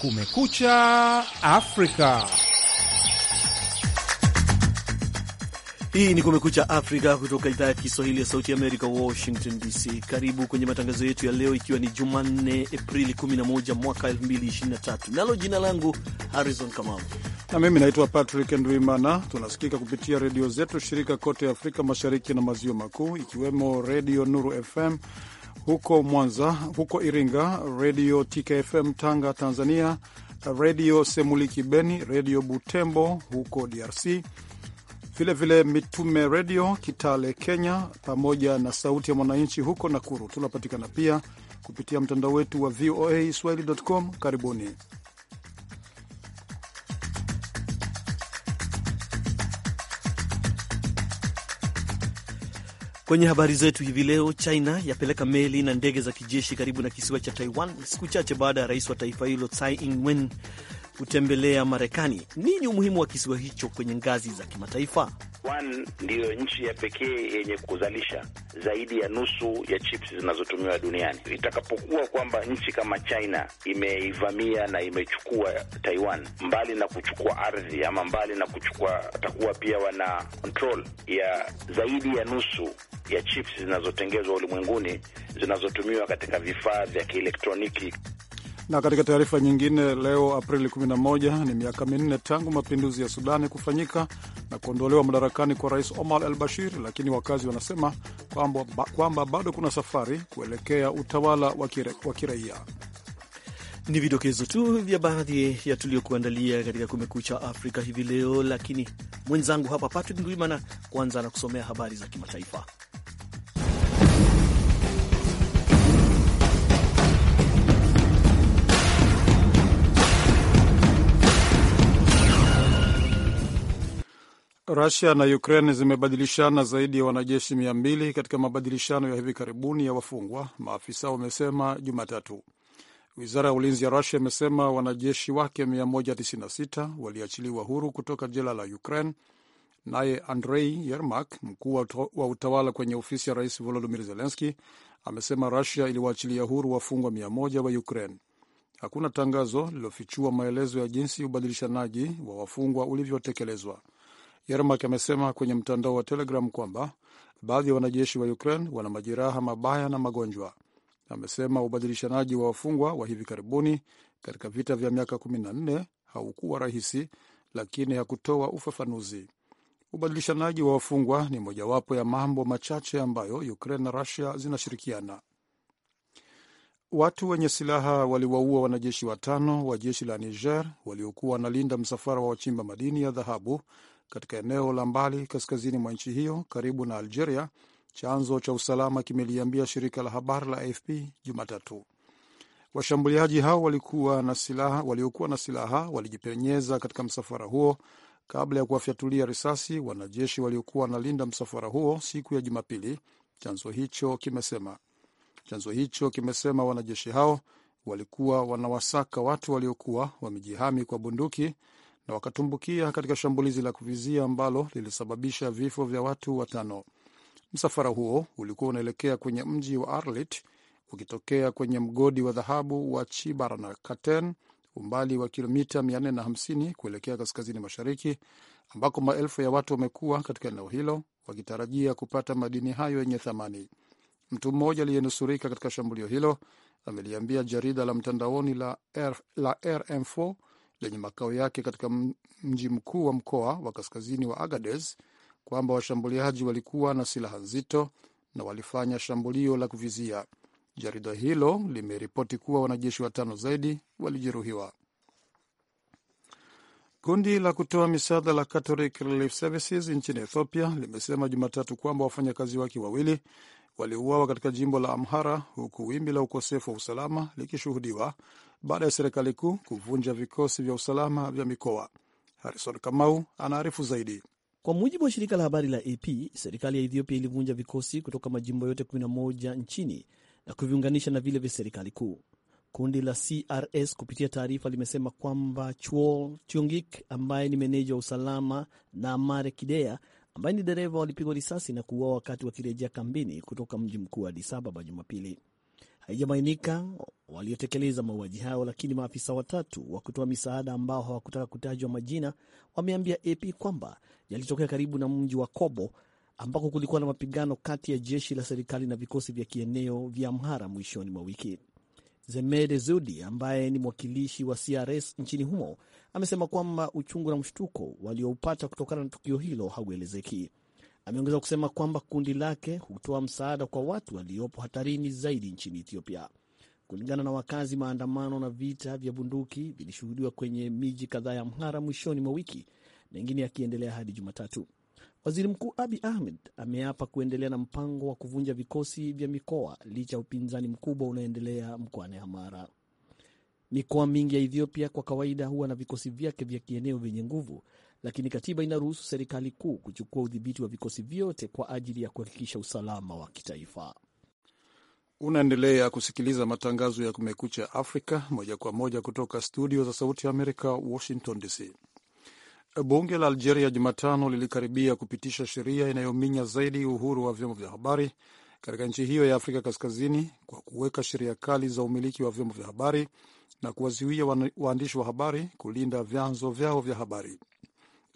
Kumekucha Afrika. Hii ni Kumekucha Afrika kutoka idhaa ya Kiswahili ya Sauti Amerika, Washington DC. Karibu kwenye matangazo yetu ya leo, ikiwa ni Jumanne Aprili 11 mwaka 2023. Nalo jina langu Harrison Kamau na mimi naitwa Patrick Ndwimana. Tunasikika kupitia redio zetu shirika kote Afrika Mashariki na Maziwa Makuu, ikiwemo Redio Nuru FM huko Mwanza, huko Iringa, redio TKFM Tanga Tanzania, redio Semuliki Beni, redio Butembo huko DRC, vilevile Mitume redio Kitale Kenya, pamoja na Sauti ya Mwananchi huko Nakuru. Tunapatikana pia kupitia mtandao wetu wa VOA swahili.com. Karibuni. Kwenye habari zetu hivi leo, China yapeleka meli na ndege za kijeshi karibu na kisiwa cha Taiwan siku chache baada ya rais wa taifa hilo Tsai Ing-wen kutembelea Marekani. Nini umuhimu wa kisiwa hicho kwenye ngazi za kimataifa? One, ndiyo nchi ya pekee yenye kuzalisha zaidi ya nusu ya chips zinazotumiwa duniani. Itakapokuwa kwamba nchi kama China imeivamia na imechukua Taiwan, mbali na kuchukua ardhi ama mbali na kuchukua, watakuwa pia wana control ya zaidi ya nusu ya chips zinazotengezwa ulimwenguni zinazotumiwa katika vifaa vya kielektroniki. Na katika taarifa nyingine, leo Aprili 11 ni miaka minne tangu mapinduzi ya Sudani kufanyika na kuondolewa madarakani kwa Rais Omar al Bashir, lakini wakazi wanasema kwamba kwamba bado kuna safari kuelekea utawala wa kiraia. Ni vidokezo tu vya baadhi ya tuliyokuandalia katika Kumekucha Afrika hivi leo, lakini mwenzangu hapa Patrick Ndwimana kwanza anakusomea habari za kimataifa. Rusia na Ukraine zimebadilishana zaidi ya wanajeshi mia mbili katika mabadilishano ya hivi karibuni ya wafungwa, maafisa wamesema Jumatatu. Wizara ya ulinzi ya Rusia imesema wanajeshi wake 196 waliachiliwa huru kutoka jela la Ukraine. Naye Andrei Yermak, mkuu wa utawala kwenye ofisi ya rais Volodimir Zelenski, amesema Rusia iliwaachilia huru wafungwa 100 wa Ukraine. Hakuna tangazo lililofichua maelezo ya jinsi ubadilishanaji wa wafungwa ulivyotekelezwa. Yermak amesema kwenye mtandao wa Telegram kwamba baadhi ya wanajeshi wa Ukraine wana majeraha mabaya na magonjwa. Amesema ubadilishanaji wa wafungwa wa hivi karibuni katika vita vya miaka 14 haukuwa rahisi, lakini hakutoa ufafanuzi. Ubadilishanaji wa wafungwa ni mojawapo ya mambo machache ambayo Ukraine na rusia zinashirikiana. Watu wenye silaha waliwaua wanajeshi watano wa jeshi la Niger waliokuwa wanalinda msafara wa wachimba madini ya dhahabu katika eneo la mbali kaskazini mwa nchi hiyo karibu na Algeria, chanzo cha usalama kimeliambia shirika la habari la AFP Jumatatu. Washambuliaji hao waliokuwa na silaha, waliokuwa na silaha walijipenyeza katika msafara huo kabla ya kuwafyatulia risasi wanajeshi waliokuwa wanalinda msafara huo siku ya Jumapili, chanzo hicho kimesema. Chanzo hicho kimesema wanajeshi hao walikuwa wanawasaka watu waliokuwa wamejihami kwa bunduki na wakatumbukia katika shambulizi la kuvizia ambalo lilisababisha vifo vya watu watano. Msafara huo ulikuwa unaelekea kwenye mji wa Arlit ukitokea kwenye mgodi wa dhahabu wa katen umbali wa kilomita 450 kuelekea kaskazini mashariki, ambako maelfu ya watu wamekuwa katika eneo hilo wakitarajia kupata madini hayo yenye thamani. Mtu mmoja aliyenusurika katika shambulio hilo ameliambia jarida la mtandaoni la, la RM4 lenye makao yake katika mji mkuu wa mkoa wa kaskazini wa agades kwamba washambuliaji walikuwa na silaha nzito na walifanya shambulio la kuvizia. Jarida hilo limeripoti kuwa wanajeshi watano zaidi walijeruhiwa. Kundi la kutoa misaada la Catholic Relief Services nchini Ethiopia limesema Jumatatu kwamba wafanyakazi wake wawili waliuawa katika jimbo la Amhara, huku wimbi la ukosefu wa usalama likishuhudiwa baada ya serikali kuu kuvunja vikosi vya usalama vya mikoa. Harison Kamau anaarifu zaidi. Kwa mujibu wa shirika la habari la AP, serikali ya Ethiopia ilivunja vikosi kutoka majimbo yote 11 nchini na kuviunganisha na vile vya serikali kuu. Kundi la CRS kupitia taarifa limesema kwamba Chwol Chungik ambaye ni meneja wa usalama na Mare Kidea ambaye ni dereva walipigwa risasi na kuuawa wakati wakirejea kambini kutoka mji mkuu wa Addis Ababa Jumapili. Haijabainika waliotekeleza mauaji hayo, lakini maafisa watatu wa kutoa misaada ambao hawakutaka kutajwa majina wameambia AP kwamba yalitokea karibu na mji wa Kobo ambako kulikuwa na mapigano kati ya jeshi la serikali na vikosi vya kieneo vya Amhara mwishoni mwa wiki. Zemede Zudi ambaye ni mwakilishi wa CRS nchini humo amesema kwamba uchungu na mshtuko walioupata kutokana na tukio hilo hauelezeki. Ameongeza kusema kwamba kundi lake hutoa msaada kwa watu waliopo hatarini zaidi nchini Ethiopia. Kulingana na wakazi, maandamano na vita vya bunduki vilishuhudiwa kwenye miji kadhaa ya Amhara mwishoni mwa wiki, mengine yakiendelea hadi Jumatatu. Waziri Mkuu Abi Ahmed ameapa kuendelea na mpango wa kuvunja vikosi vya mikoa licha ya upinzani mkubwa unaoendelea mkoani Amara. Mikoa mingi ya Ethiopia kwa kawaida huwa na vikosi vyake vya kieneo vyenye nguvu, lakini katiba inaruhusu serikali kuu kuchukua udhibiti wa vikosi vyote kwa ajili ya kuhakikisha usalama wa kitaifa. Unaendelea kusikiliza matangazo ya Kumekucha Afrika moja kwa moja kutoka studio za Sauti ya Amerika, Washington DC. Bunge la Algeria Jumatano lilikaribia kupitisha sheria inayominya zaidi uhuru wa vyombo vya habari katika nchi hiyo ya Afrika Kaskazini kwa kuweka sheria kali za umiliki wa vyombo vya habari na kuwazuia waandishi wa habari kulinda vyanzo vyao vya habari.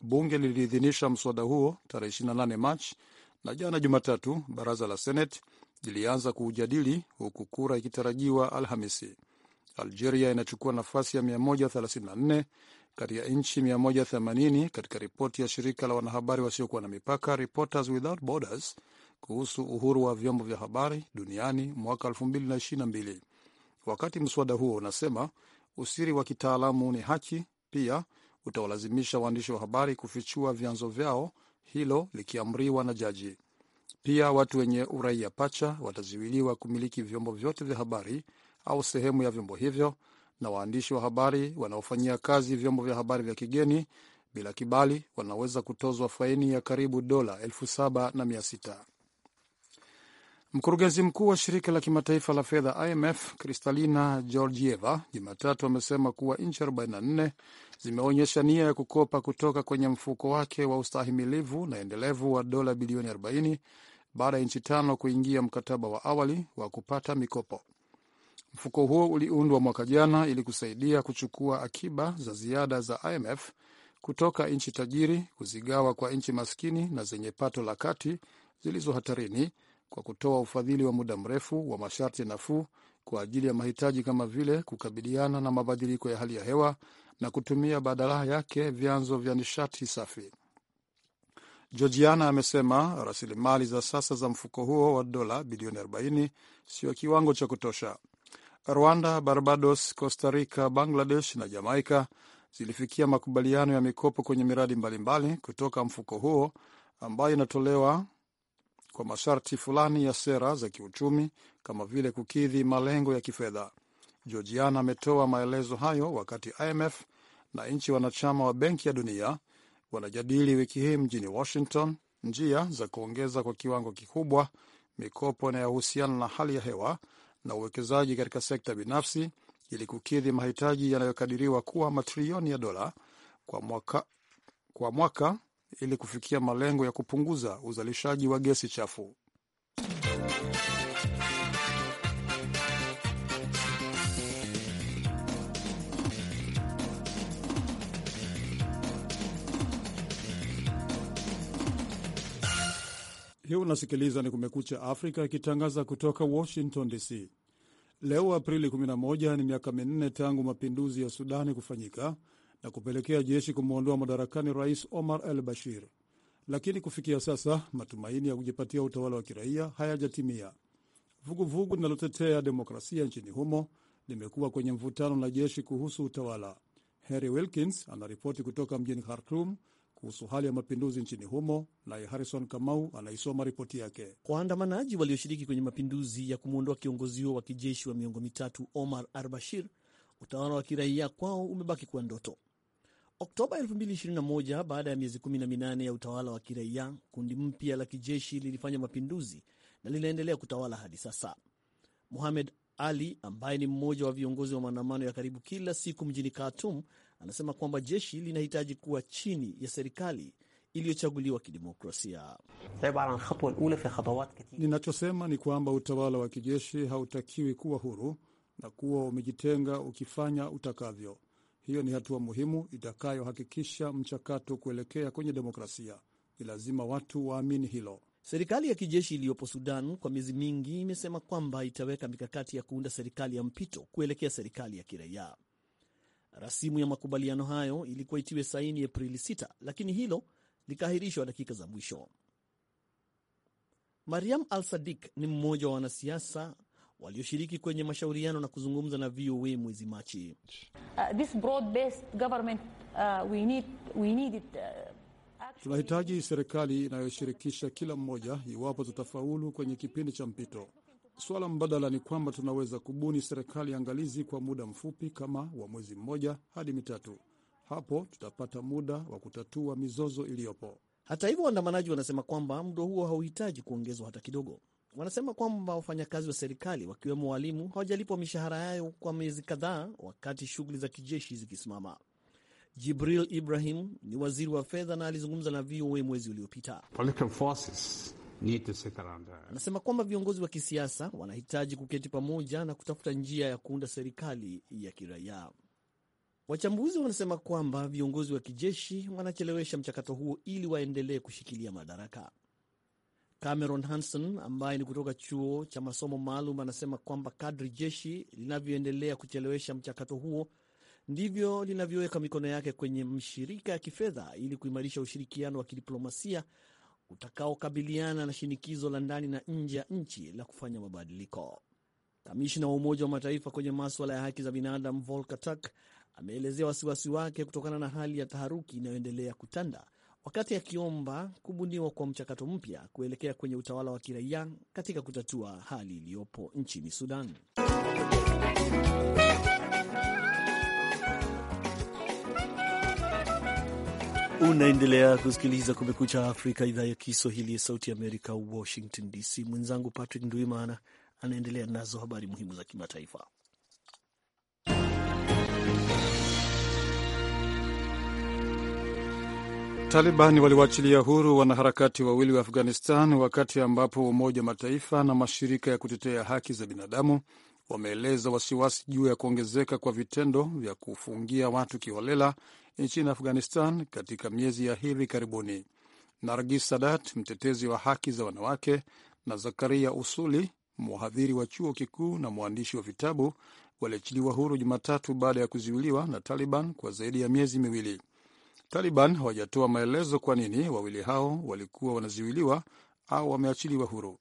Bunge liliidhinisha mswada huo tarehe 28 Machi, na jana Jumatatu baraza la senate lilianza kuujadili huku kura ikitarajiwa Alhamisi. Algeria inachukua nafasi ya 134 kati ya nchi 180 katika ripoti ya shirika la wanahabari wasiokuwa na mipaka Reporters Without Borders kuhusu uhuru wa vyombo vya habari duniani mwaka 2022. Wakati mswada huo unasema usiri wa kitaalamu ni haki, pia utawalazimisha waandishi wa habari kufichua vyanzo vyao, hilo likiamriwa na jaji. Pia watu wenye uraia pacha watazuiliwa kumiliki vyombo vyote vya habari au sehemu ya vyombo hivyo na waandishi wa habari wanaofanyia kazi vyombo vya habari vya kigeni bila kibali wanaweza kutozwa faini ya karibu dola elfu saba na mia sita. Mkurugenzi mkuu wa shirika la kimataifa la fedha IMF Kristalina Georgieva Jumatatu amesema kuwa nchi 44 zimeonyesha nia ya kukopa kutoka kwenye mfuko wake wa ustahimilivu na endelevu wa dola bilioni 40 baada ya nchi tano kuingia mkataba wa awali wa kupata mikopo. Mfuko huo uliundwa mwaka jana ili kusaidia kuchukua akiba za ziada za IMF kutoka nchi tajiri kuzigawa kwa nchi maskini na zenye pato la kati zilizo hatarini kwa kutoa ufadhili wa muda mrefu wa masharti nafuu kwa ajili ya mahitaji kama vile kukabiliana na mabadiliko ya hali ya hewa na kutumia badala yake vyanzo vya nishati safi. Georgiana amesema rasilimali za sasa za mfuko huo wa dola bilioni 40 sio kiwango cha kutosha. Rwanda, Barbados, Costa Rica, Bangladesh na jamaica zilifikia makubaliano ya mikopo kwenye miradi mbalimbali mbali kutoka mfuko huo ambayo inatolewa kwa masharti fulani ya sera za kiuchumi kama vile kukidhi malengo ya kifedha. Georgiana ametoa maelezo hayo wakati IMF na nchi wanachama wa Benki ya Dunia wanajadili wiki hii mjini Washington njia za kuongeza kwa kiwango kikubwa mikopo inayohusiana na hali ya hewa na uwekezaji katika sekta binafsi ili kukidhi mahitaji yanayokadiriwa kuwa matrilioni ya dola kwa mwaka, kwa mwaka ili kufikia malengo ya kupunguza uzalishaji wa gesi chafu. Hii unasikiliza ni Kumekucha Afrika ikitangaza kutoka Washington DC. Leo Aprili 11 ni miaka minne tangu mapinduzi ya Sudani kufanyika na kupelekea jeshi kumwondoa madarakani Rais Omar al Bashir, lakini kufikia sasa matumaini ya kujipatia utawala wa kiraia hayajatimia. Vuguvugu linalotetea demokrasia nchini humo limekuwa kwenye mvutano na jeshi kuhusu utawala. Harry Wilkins anaripoti kutoka mjini Khartum kuhusu hali ya mapinduzi nchini humo, naye Harrison Kamau anaisoma ripoti yake. Waandamanaji walioshiriki kwenye mapinduzi ya kumwondoa kiongozi huo wa kijeshi wa miongo mitatu Omar al-Bashir, utawala wa kiraia kwao umebaki kuwa ndoto. Oktoba 2021 baada ya miezi 18 ya utawala wa kiraia, kundi mpya la kijeshi lilifanya mapinduzi na linaendelea kutawala hadi sasa. Muhamed Ali ambaye ni mmoja wa viongozi wa maandamano ya karibu kila siku mjini Khartoum anasema kwamba jeshi linahitaji kuwa chini ya serikali iliyochaguliwa kidemokrasia. Ninachosema ni kwamba utawala wa kijeshi hautakiwi kuwa huru na kuwa umejitenga ukifanya utakavyo. Hiyo ni hatua muhimu itakayohakikisha mchakato kuelekea kwenye demokrasia. Ni lazima watu waamini hilo. Serikali ya kijeshi iliyopo Sudan kwa miezi mingi imesema kwamba itaweka mikakati ya kuunda serikali ya mpito kuelekea serikali ya kiraia. Rasimu ya makubaliano hayo ilikuwa itiwe saini Aprili 6 lakini hilo likaahirishwa dakika za mwisho. Mariam Al Sadik ni mmoja wa wanasiasa walioshiriki kwenye mashauriano na kuzungumza na VOA mwezi Machi. Uh, uh, uh, Tunahitaji serikali inayoshirikisha kila mmoja iwapo tutafaulu kwenye kipindi cha mpito. Suala mbadala ni kwamba tunaweza kubuni serikali angalizi kwa muda mfupi kama wa mwezi mmoja hadi mitatu. Hapo tutapata muda wa kutatua mizozo iliyopo. Hata hivyo, waandamanaji wanasema kwamba muda huo hauhitaji kuongezwa hata kidogo. Wanasema kwamba wafanyakazi wa serikali wakiwemo walimu hawajalipwa mishahara yayo kwa miezi kadhaa, wakati shughuli za kijeshi zikisimama. Jibril Ibrahim ni waziri wa fedha na alizungumza na VOA mwezi uliopita. Political forces Anasema kwamba viongozi wa kisiasa wanahitaji kuketi pamoja na kutafuta njia ya kuunda serikali ya kiraia. Wachambuzi wanasema kwamba viongozi wa kijeshi wanachelewesha mchakato huo ili waendelee kushikilia madaraka. Cameron Hanson ambaye ni kutoka chuo cha masomo maalum anasema kwamba kadri jeshi linavyoendelea kuchelewesha mchakato huo ndivyo linavyoweka mikono yake kwenye mshirika ya kifedha ili kuimarisha ushirikiano wa kidiplomasia utakaokabiliana na shinikizo la ndani na nje ya nchi la kufanya mabadiliko. kamishina wa Umoja wa Mataifa kwenye maswala ya haki za binadamu Volker Turk ameelezea wasiwasi wake kutokana na hali ya taharuki inayoendelea kutanda wakati akiomba kubuniwa kwa mchakato mpya kuelekea kwenye utawala wa kiraia katika kutatua hali iliyopo nchini Sudan. Unaendelea kusikiliza Kumekucha Afrika, idhaa ya Kiswahili ya Sauti ya Amerika, Washington DC. Mwenzangu Patrick Ndwimana anaendelea nazo habari muhimu za kimataifa. Talibani waliwaachilia huru wanaharakati wawili wa Afghanistan wakati ambapo Umoja wa Mataifa na mashirika ya kutetea haki za binadamu wameeleza wasiwasi juu ya kuongezeka kwa vitendo vya kufungia watu kiholela nchini Afghanistan katika miezi ya hivi karibuni. Nargis Sadat, mtetezi wa haki za wanawake, na Zakaria Usuli, mhadhiri wa chuo kikuu na mwandishi wa vitabu, waliachiliwa huru Jumatatu baada ya kuzuiliwa na Taliban kwa zaidi ya miezi miwili. Taliban hawajatoa maelezo kwa nini wawili hao walikuwa wanazuiliwa au wameachiliwa huru.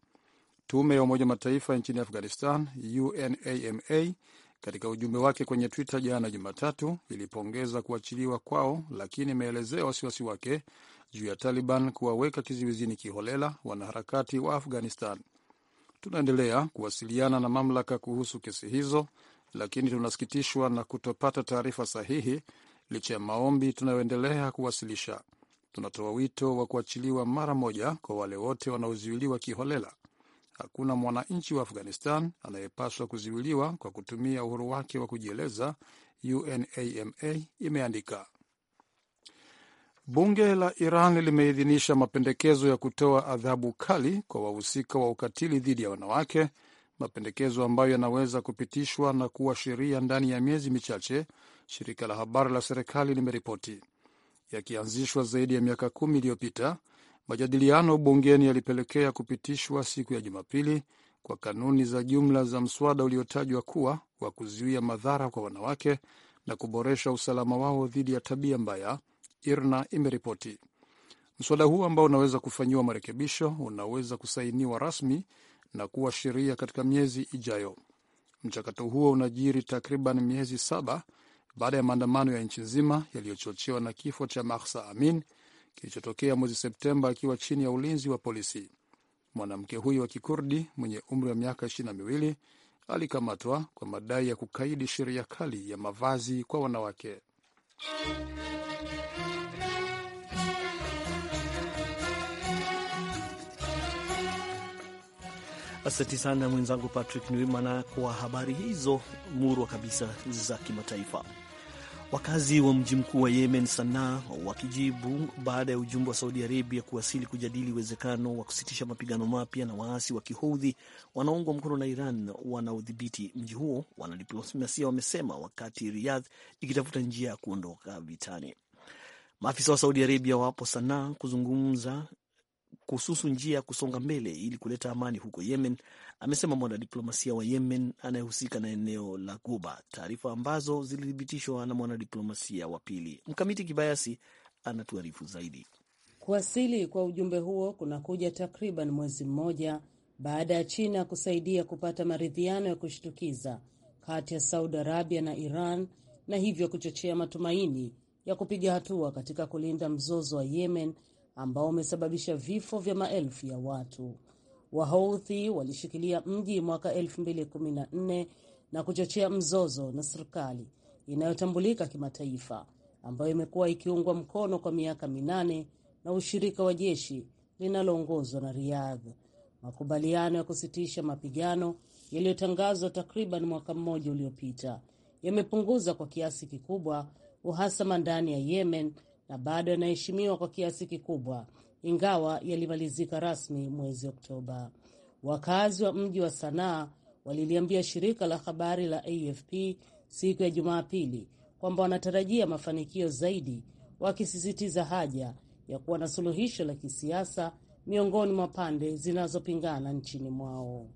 Tume ya Umoja Mataifa nchini Afghanistan, UNAMA, katika ujumbe wake kwenye Twitter jana Jumatatu, ilipongeza kuachiliwa kwao, lakini imeelezea wasiwasi wake juu ya Taliban kuwaweka kizuizini kiholela wanaharakati wa Afghanistan. Tunaendelea kuwasiliana na mamlaka kuhusu kesi hizo, lakini tunasikitishwa na kutopata taarifa sahihi licha ya maombi tunayoendelea kuwasilisha. Tunatoa wito wa kuachiliwa mara moja kwa wale wote wanaozuiliwa kiholela Hakuna mwananchi wa Afghanistan anayepaswa kuziwiliwa kwa kutumia uhuru wake wa kujieleza, UNAMA imeandika. Bunge la Iran limeidhinisha mapendekezo ya kutoa adhabu kali kwa wahusika wa ukatili dhidi ya wanawake, mapendekezo ambayo yanaweza kupitishwa na kuwa sheria ndani ya miezi michache, shirika la habari la serikali limeripoti, yakianzishwa zaidi ya miaka kumi iliyopita. Majadiliano bungeni yalipelekea kupitishwa siku ya Jumapili kwa kanuni za jumla za mswada uliotajwa kuwa wa kuzuia madhara kwa wanawake na kuboresha usalama wao dhidi ya tabia mbaya, IRNA imeripoti. Mswada huu ambao unaweza kufanyiwa marekebisho unaweza kusainiwa rasmi na kuwa sheria katika miezi ijayo. Mchakato huo unajiri takriban miezi saba baada ya maandamano ya nchi nzima yaliyochochewa na kifo cha Mahsa Amin, kilichotokea mwezi Septemba akiwa chini ya ulinzi wa polisi. Mwanamke huyo wa Kikurdi mwenye umri wa miaka ishirini na miwili alikamatwa kwa madai ya kukaidi sheria kali ya mavazi kwa wanawake. Asante sana mwenzangu Patrick Nwimana kwa habari hizo murwa kabisa za kimataifa. Wakazi wa mji mkuu wa Yemen, Sanaa, wakijibu baada ya ujumbe wa Saudi Arabia kuwasili kujadili uwezekano wa kusitisha mapigano mapya na waasi wa Kihoudhi wanaoungwa mkono na Iran wanaodhibiti mji huo, wanadiplomasia wamesema, wakati Riyadh ikitafuta njia ya kuondoka vitani. Maafisa wa Saudi Arabia wapo Sanaa kuzungumza kuhususu njia ya kusonga mbele ili kuleta amani huko Yemen, amesema mwanadiplomasia wa Yemen anayehusika na eneo la Guba, taarifa ambazo zilithibitishwa na mwanadiplomasia wa pili. Mkamiti Kibayasi anatuarifu zaidi. Kuwasili kwa ujumbe huo kunakuja takriban mwezi mmoja baada ya China kusaidia kupata maridhiano ya kushtukiza kati ya Saudi Arabia na Iran na hivyo kuchochea matumaini ya kupiga hatua katika kulinda mzozo wa Yemen ambao umesababisha vifo vya maelfu ya watu. Wahouthi walishikilia mji mwaka 2014 na kuchochea mzozo na serikali inayotambulika kimataifa ambayo imekuwa ikiungwa mkono kwa miaka minane na ushirika wa jeshi linaloongozwa na Riyadh. Makubaliano ya kusitisha mapigano yaliyotangazwa takriban mwaka mmoja uliopita yamepunguza kwa kiasi kikubwa uhasama ndani ya Yemen na bado yanaheshimiwa kwa kiasi kikubwa, ingawa yalimalizika rasmi mwezi Oktoba. Wakazi wa mji wa Sanaa waliliambia shirika la habari la AFP siku ya Jumapili kwamba wanatarajia mafanikio zaidi, wakisisitiza haja ya kuwa na suluhisho la kisiasa miongoni mwa pande zinazopingana nchini mwao.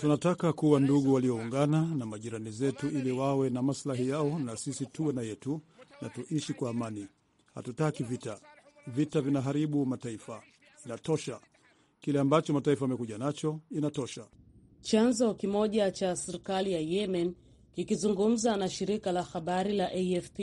Tunataka kuwa ndugu walioungana na majirani zetu ili wawe na maslahi yao na sisi tuwe na yetu, na tuishi kwa amani. Hatutaki vita. Vita vinaharibu mataifa. Inatosha. Kile ambacho mataifa amekuja nacho inatosha. Chanzo kimoja cha serikali ya Yemen kikizungumza na shirika la habari la AFP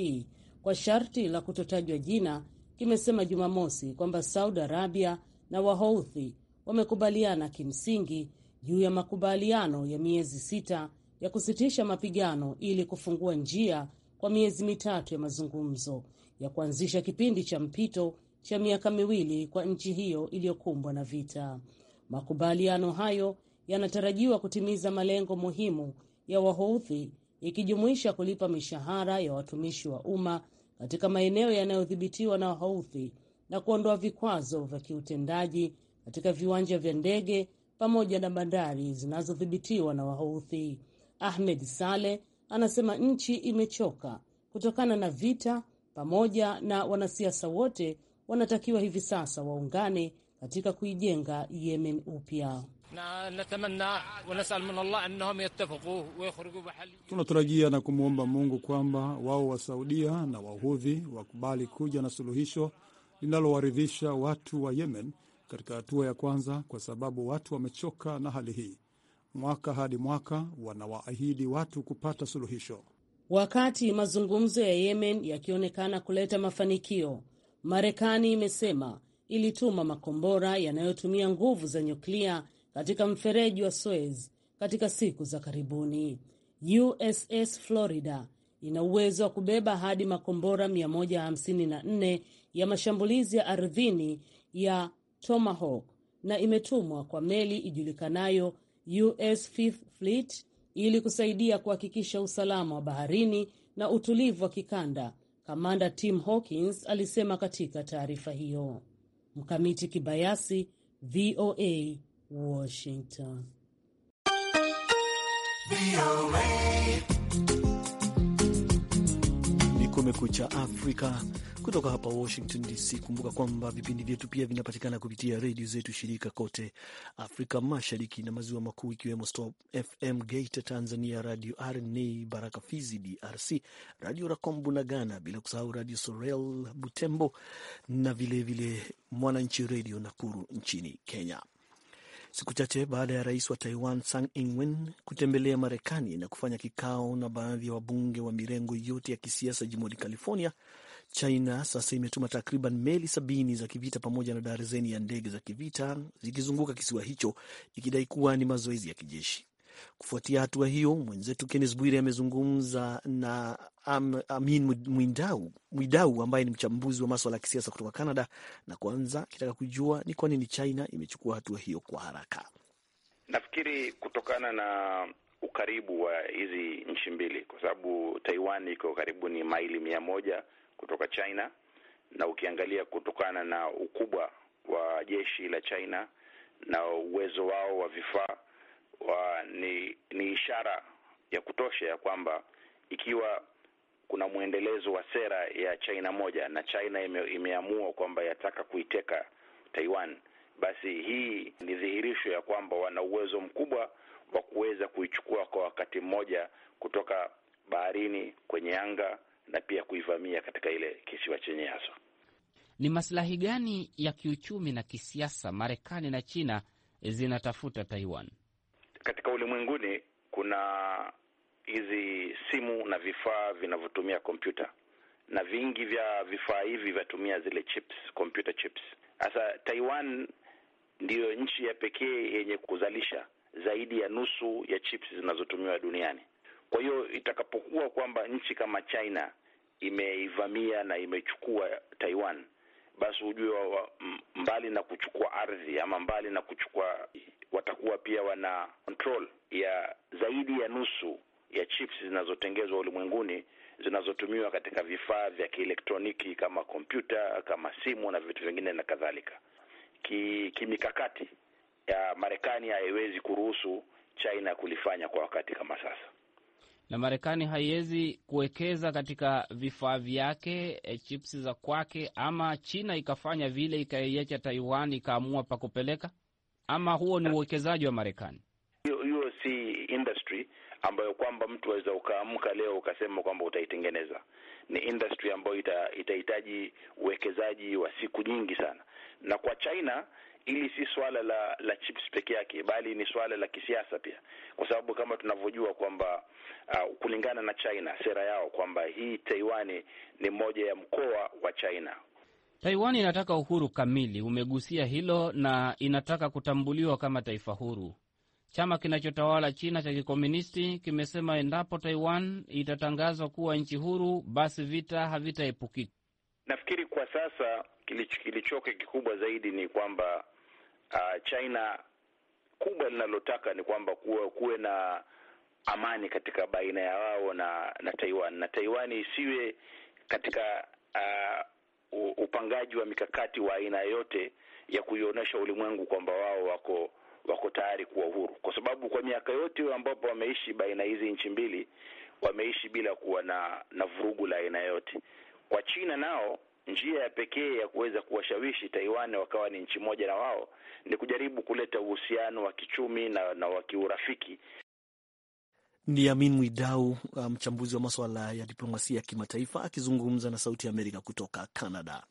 kwa sharti la kutotajwa jina kimesema Jumamosi kwamba Saudi Arabia na Wahouthi wamekubaliana kimsingi juu ya makubaliano ya miezi sita ya kusitisha mapigano ili kufungua njia kwa miezi mitatu ya mazungumzo ya kuanzisha kipindi cha mpito cha miaka miwili kwa nchi hiyo iliyokumbwa na vita. Makubaliano hayo yanatarajiwa kutimiza malengo muhimu ya Wahouthi, ikijumuisha kulipa mishahara ya watumishi wa umma katika maeneo yanayodhibitiwa na Wahouthi na kuondoa vikwazo vya kiutendaji katika viwanja vya ndege pamoja na bandari zinazodhibitiwa na Wahouthi. Ahmed Saleh anasema nchi imechoka kutokana na vita, pamoja na wanasiasa wote wanatakiwa hivi sasa waungane katika kuijenga Yemen upya. Tunatarajia na kumwomba Mungu kwamba wao wa saudia na Wahudhi wakubali kuja na suluhisho linalowaridhisha watu wa Yemen katika hatua ya kwanza, kwa sababu watu wamechoka na hali hii. Mwaka hadi mwaka wanawaahidi watu kupata suluhisho. Wakati mazungumzo ya Yemen yakionekana kuleta mafanikio, Marekani imesema ilituma makombora yanayotumia nguvu za nyuklia katika mfereji wa Suez katika siku za karibuni. USS Florida ina uwezo wa kubeba hadi makombora 154 ya mashambulizi ya ardhini ya Tomahawk na imetumwa kwa meli ijulikanayo US Fifth Fleet ili kusaidia kuhakikisha usalama wa baharini na utulivu wa kikanda, Kamanda Tim Hawkins alisema katika taarifa hiyo. Mkamiti Kibayasi, VOA, Washington. Kumekucha Afrika kutoka hapa Washington DC. Kumbuka kwamba vipindi vyetu pia vinapatikana kupitia redio zetu shirika kote Afrika Mashariki na Maziwa Makuu, ikiwemo Stop FM Gate Tanzania, Radio RNA Baraka Fizi DRC, Radio Rakombu na Ghana, bila kusahau Radio Sorel Butembo na vilevile Mwananchi Redio Nakuru nchini Kenya siku chache baada ya rais wa Taiwan Tsai Ing-wen kutembelea Marekani na kufanya kikao na baadhi ya wabunge wa mirengo yote ya kisiasa jimboni California. China sasa imetuma takriban meli sabini za kivita pamoja na darzeni ya ndege za kivita zikizunguka kisiwa hicho ikidai kuwa ni mazoezi ya kijeshi. Kufuatia hatua hiyo, mwenzetu Kennes Bwire amezungumza na Am, Amin Mwidau, Mwidau ambaye ni mchambuzi wa maswala ya kisiasa kutoka Canada, na kwanza akitaka kujua ni kwa nini China imechukua hatua hiyo kwa haraka. Nafikiri kutokana na ukaribu wa hizi nchi mbili, kwa sababu Taiwan iko karibu ni maili mia moja kutoka China, na ukiangalia kutokana na ukubwa wa jeshi la China na uwezo wao wa vifaa wa, ni, ni ishara ya kutosha ya kwamba ikiwa kuna mwendelezo wa sera ya China moja na China ime, imeamua kwamba yataka kuiteka Taiwan, basi hii ni dhihirisho ya kwamba wana uwezo mkubwa wa kuweza kuichukua kwa wakati mmoja kutoka baharini, kwenye anga na pia kuivamia katika ile kisiwa chenye haswa. Ni maslahi gani ya kiuchumi na kisiasa Marekani na China zinatafuta Taiwan? katika ulimwenguni kuna hizi simu na vifaa vinavyotumia kompyuta na vingi vya vifaa hivi vyatumia zile chips, computer chips. Sasa Taiwan ndiyo nchi ya pekee yenye kuzalisha zaidi ya nusu ya chips zinazotumiwa duniani. Kwa hiyo itakapokuwa kwamba nchi kama China imeivamia na imechukua Taiwan, basi hujue wa, mbali na kuchukua ardhi ama mbali na kuchukua, watakuwa pia wana control ya zaidi ya nusu ya chips zinazotengezwa ulimwenguni zinazotumiwa katika vifaa vya kielektroniki kama kompyuta, kama simu na vitu vingine na kadhalika. Ki, kimikakati ya Marekani haiwezi kuruhusu China kulifanya kwa wakati kama sasa na Marekani haiwezi kuwekeza katika vifaa vyake e, chips za kwake, ama China ikafanya vile ikaiacha Taiwan ikaamua pa kupeleka ama huo ni uwekezaji wa Marekani? Hiyo si industry ambayo kwamba mtu aweza ukaamka leo ukasema kwamba utaitengeneza. Ni industry ambayo itahitaji uwekezaji wa siku nyingi sana, na kwa China hili si swala la la chips peke yake, bali ni swala la kisiasa pia, kwa sababu kama tunavyojua kwamba uh, kulingana na China sera yao kwamba hii Taiwani ni moja ya mkoa wa China. Taiwan inataka uhuru kamili, umegusia hilo, na inataka kutambuliwa kama taifa huru. Chama kinachotawala China cha kikomunisti kimesema endapo Taiwan itatangazwa kuwa nchi huru, basi vita havitaepukika. Nafikiri kwa sasa kilichoke kikubwa zaidi ni kwamba uh, China kubwa linalotaka ni kwamba kuwe, kuwe na amani katika baina ya wao na na Taiwan na Taiwan isiwe katika uh, upangaji wa mikakati wa aina yote ya kuionyesha ulimwengu kwamba wao wako wako tayari kuwa uhuru, kwa sababu kwa miaka yote ambapo wameishi baina hizi nchi mbili wameishi bila kuwa na na vurugu la aina yote. Kwa China nao njia ya pekee ya kuweza kuwashawishi Taiwan wakawa ni nchi moja na wao ni kujaribu kuleta uhusiano wa kichumi na, na wa kiurafiki. Ni Amin Mwidau, mchambuzi wa masuala ya diplomasia ya kimataifa akizungumza na Sauti ya Amerika kutoka Canada.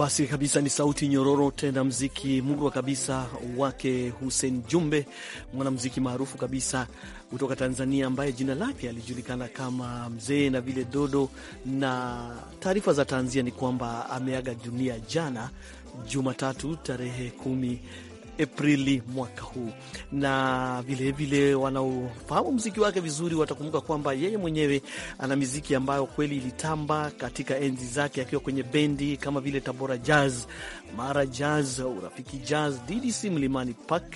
basi kabisa ni sauti nyororo tena mziki murwa kabisa wake Hussein Jumbe, mwanamziki maarufu kabisa kutoka Tanzania ambaye jina lake alijulikana kama Mzee na vile Dodo. Na taarifa za tanzia ni kwamba ameaga dunia jana Jumatatu tarehe kumi Aprili mwaka huu, na vilevile wanaofahamu mziki wake vizuri watakumbuka kwamba yeye mwenyewe ana miziki ambayo kweli ilitamba katika enzi zake akiwa kwenye bendi kama vile Tabora Jazz, Mara Jazz, Urafiki Jazz, DDC Mlimani Park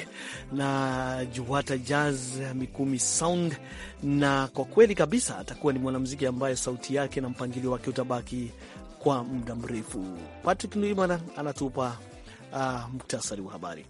na Juwata Jazz, Mikumi Sound, na kwa kweli kabisa atakuwa ni mwanamziki ambaye sauti yake na mpangilio wake utabaki kwa muda mrefu. Patrick Nuimana anatupa uh, muktasari wa habari.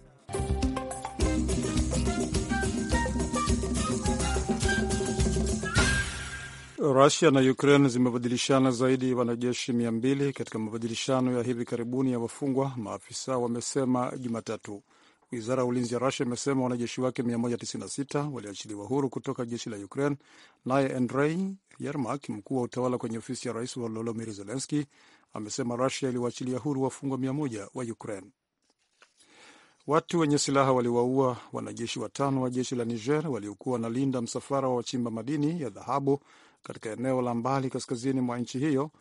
Rusia na Ukraine zimebadilishana zaidi ya wanajeshi mia mbili katika mabadilishano ya hivi karibuni ya wafungwa, maafisa wamesema Jumatatu. Wizara ya ulinzi ya Rusia imesema wanajeshi wake 196 waliachiliwa huru kutoka jeshi la Ukraine. Naye Andrei Yermak, mkuu wa utawala kwenye ofisi ya rais Volodymyr Zelenski, amesema Rusia iliwaachilia huru wafungwa 100 wa Ukraine. Watu wenye silaha waliwaua wanajeshi watano wa jeshi la Niger waliokuwa wanalinda msafara wa wachimba madini ya dhahabu katika eneo la mbali kaskazini mwa nchi hiyo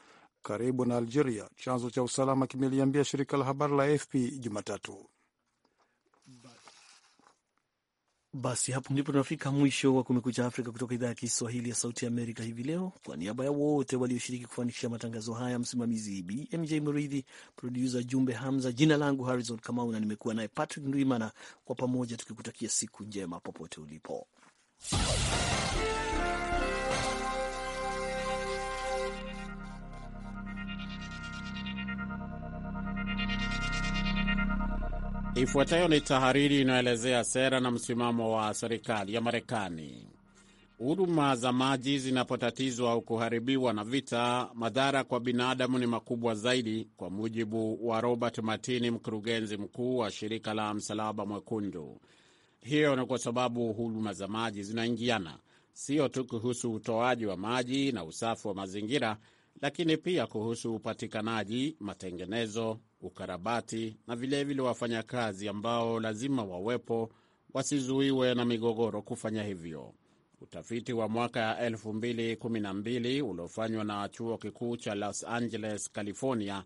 karibu na Algeria, chanzo cha usalama kimeliambia shirika la habari la AFP Jumatatu. Basi hapo ndipo tunafika mwisho wa Kumekucha Afrika kutoka idhaa ya Kiswahili ya Sauti ya Amerika hivi leo. Kwa niaba ya wote walioshiriki kufanikisha matangazo haya, msimamizi BMJ Mridhi, produsa Jumbe Hamza, jina langu Harrison Kamau na nimekuwa naye Patrick Ndwimana, kwa pamoja tukikutakia siku njema popote ulipo. Ifuatayo ni tahariri inayoelezea sera na msimamo wa serikali ya Marekani. Huduma za maji zinapotatizwa au kuharibiwa na vita, madhara kwa binadamu ni makubwa zaidi, kwa mujibu wa Robert Martini, mkurugenzi mkuu wa shirika la Msalaba Mwekundu. Hiyo ni kwa sababu huduma za maji zinaingiana, sio tu kuhusu utoaji wa maji na usafi wa mazingira, lakini pia kuhusu upatikanaji, matengenezo, ukarabati na vilevile wafanyakazi ambao lazima wawepo, wasizuiwe na migogoro kufanya hivyo. Utafiti wa mwaka 2012 uliofanywa na chuo kikuu cha Los Angeles, California,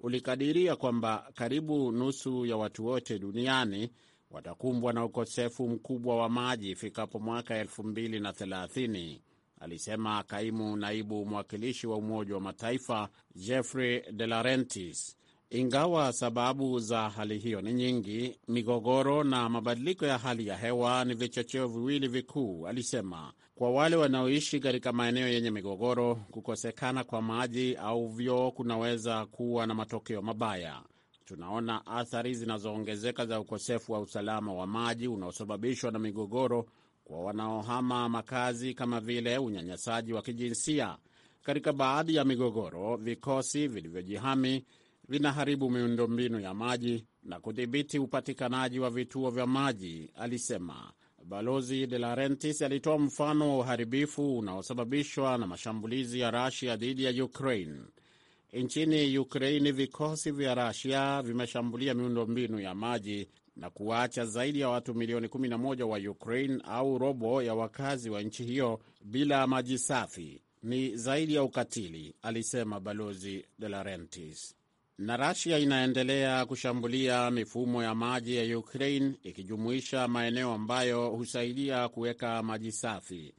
ulikadiria kwamba karibu nusu ya watu wote duniani watakumbwa na ukosefu mkubwa wa maji ifikapo mwaka 2030, alisema kaimu naibu mwakilishi wa Umoja wa Mataifa Jeffrey De Larentis. Ingawa sababu za hali hiyo ni nyingi, migogoro na mabadiliko ya hali ya hewa ni vichocheo viwili vikuu, alisema. Kwa wale wanaoishi katika maeneo yenye migogoro, kukosekana kwa maji au vyoo kunaweza kuwa na matokeo mabaya. Tunaona athari zinazoongezeka za ukosefu wa usalama wa maji unaosababishwa na migogoro kwa wanaohama makazi, kama vile unyanyasaji wa kijinsia. Katika baadhi ya migogoro, vikosi vilivyojihami vinaharibu miundombinu ya maji na kudhibiti upatikanaji wa vituo vya maji, alisema. Balozi De rentis alitoa mfano wa uharibifu unaosababishwa na mashambulizi ya Rasia dhidi ya Ukraine. Nchini Ukraini, vikosi vya Rasia vimeshambulia miundombinu ya maji na kuwaacha zaidi ya watu milioni 11 wa Ukraine au robo ya wakazi wa nchi hiyo bila maji safi. Ni zaidi ya ukatili, alisema Balozi De Larentis. Na Rasia inaendelea kushambulia mifumo ya maji ya Ukraine ikijumuisha maeneo ambayo husaidia kuweka maji safi.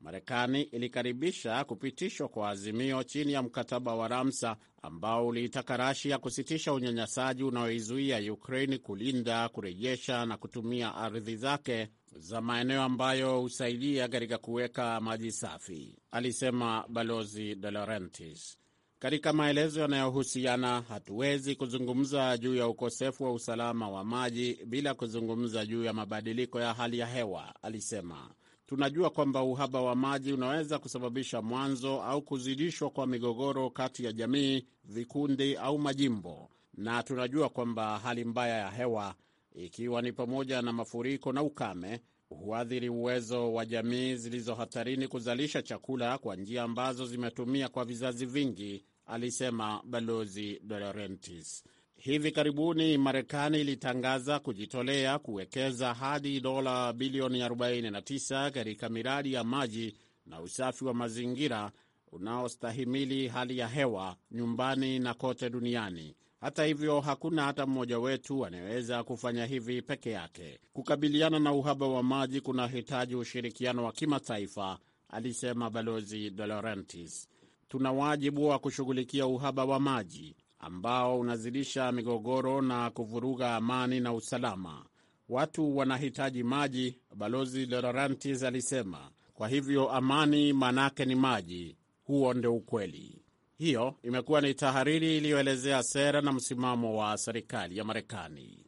Marekani ilikaribisha kupitishwa kwa azimio chini ya mkataba wa Ramsa ambao uliitaka Rasia kusitisha unyanyasaji unaoizuia Ukraini kulinda, kurejesha na kutumia ardhi zake za maeneo ambayo husaidia katika kuweka maji safi, alisema Balozi De Laurentiis. Katika maelezo yanayohusiana, hatuwezi kuzungumza juu ya ukosefu wa usalama wa maji bila kuzungumza juu ya mabadiliko ya hali ya hewa, alisema. Tunajua kwamba uhaba wa maji unaweza kusababisha mwanzo au kuzidishwa kwa migogoro kati ya jamii, vikundi au majimbo, na tunajua kwamba hali mbaya ya hewa, ikiwa ni pamoja na mafuriko na ukame, huathiri uwezo wa jamii zilizo hatarini kuzalisha chakula kwa njia ambazo zimetumia kwa vizazi vingi alisema Balozi Dolorentis. Hivi karibuni Marekani ilitangaza kujitolea kuwekeza hadi dola bilioni 49 katika miradi ya maji na usafi wa mazingira unaostahimili hali ya hewa nyumbani na kote duniani. Hata hivyo, hakuna hata mmoja wetu anayeweza kufanya hivi peke yake. Kukabiliana na uhaba wa maji kunahitaji ushirikiano wa kimataifa, alisema Balozi Dolorentis tuna wajibu wa kushughulikia uhaba wa maji ambao unazidisha migogoro na kuvuruga amani na usalama. Watu wanahitaji maji, Balozi Lorantis alisema. Kwa hivyo amani manake ni maji, huo ndio ukweli. Hiyo imekuwa ni tahariri iliyoelezea sera na msimamo wa serikali ya Marekani.